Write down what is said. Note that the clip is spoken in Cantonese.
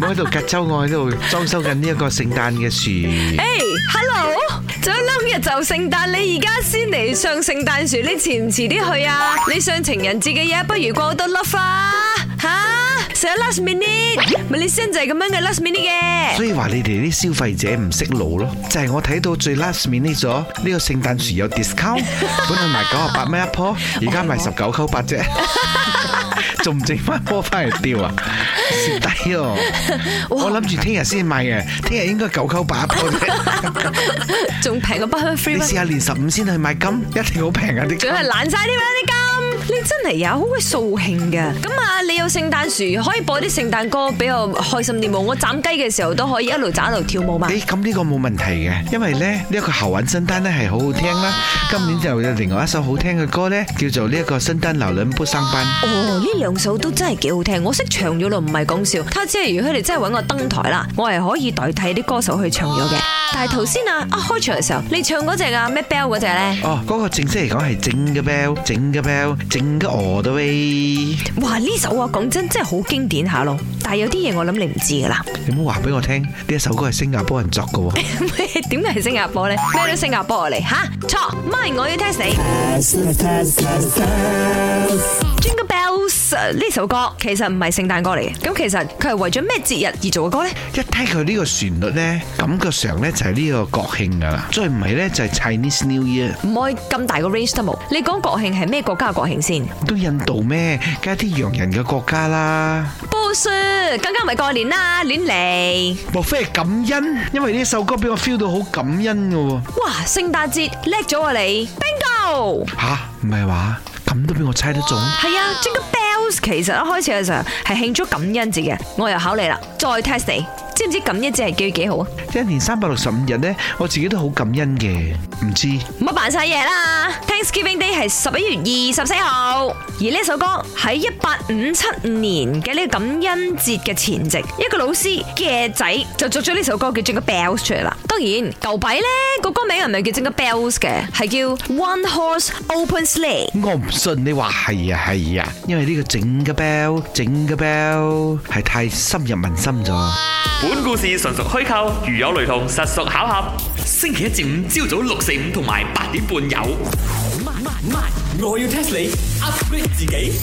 在我喺度隔周，我喺度裝修緊呢一個聖誕嘅樹。誒，Hello，再諗日就聖誕，你而家先嚟上聖誕樹，你遲唔遲啲去啊？你上情人節嘅嘢，不如過多 last 啊？吓，成 last minute，咪你先就係咁樣嘅 last minute 嘅。所以話你哋啲消費者唔識路咯，就係我睇到最 last minute 咗，呢個聖誕樹有 discount，本來賣九十八蚊一棵，而家賣十九扣八啫。仲唔整翻波翻嚟吊啊？蝕底哦！我諗住聽日先買嘅，聽日應該九九八一波。仲平過北香 f e 飛？你試下年十五先去買金，一定好平啊啲。仲係爛晒啲咩啲家？你真係呀，好鬼掃興㗎！咁啊，你有聖誕樹，可以播啲聖誕歌，比較開心啲冇？我斬雞嘅時候都可以一路斬一路跳舞嘛？咁呢、欸、個冇問題嘅，因為呢一、這個後韻聖誕呢係好好聽啦。今年就有另外一首好聽嘅歌呢，叫做呢、這、一個聖誕流連不上班。哦，呢兩首都真係幾好聽，我識唱咗咯，唔係講笑。只是他即係如果佢哋真係揾我登台啦，我係可以代替啲歌手去唱咗嘅。但係頭先啊，一開場嘅時候，你唱嗰隻啊咩 bell 嗰隻呢？哦，嗰、那個正式嚟講係整嘅 bell，整嘅 bell。整歌俄的喂，哇，呢首啊，講真真係好經典下咯，但係有啲嘢我諗你唔知噶啦，你唔好話俾我聽呢一首歌係新加坡人作噶喎，點解係新加坡咧？咩都新加坡嚟、啊、吓，錯，媽、啊、咪我要聽死。呢首歌其實唔係聖誕歌嚟嘅，咁其實佢係為咗咩節日而做嘅歌咧？一聽佢呢個旋律咧，感覺上咧就係呢個國慶㗎喇，再唔係咧就係 Chinese New Year。唔可以咁大個 range table，你講國慶係咩國家嘅國慶先？都印度咩？梗係啲洋人嘅國家啦。波叔，更加唔係過年啦，亂嚟。莫非係感恩？因為呢首歌俾我 feel 到好感恩嘅。哇，聖誕節叻咗啊你！Bingo。吓，唔係話咁都俾我猜得中？係啊，即刻。其實一開始嘅時候係慶祝感恩節嘅，我又考你啦，再 test 你。知唔知感恩節係幾月幾號啊？一年三百六十五日咧，我自己都好感恩嘅，唔知。唔好扮晒嘢啦！Thanksgiving Day 係十一月二十四號，而呢首歌喺一八五七年嘅呢個感恩節嘅前夕，一個老師嘅仔就作咗呢首歌叫《整個 Bells》出嚟啦。當然舊擺咧個歌名係咪叫《整個 Bells》嘅？係叫《One Horse Open Sleigh》。我唔信你話係呀係呀，因為呢個《整個 Bell》《整個 Bell》係太深入民心咗。本故事純屬虛構，如有雷同，實屬巧合。星期一至五朝早六四五同埋八點半有。我要 test 你 upgrade 自己。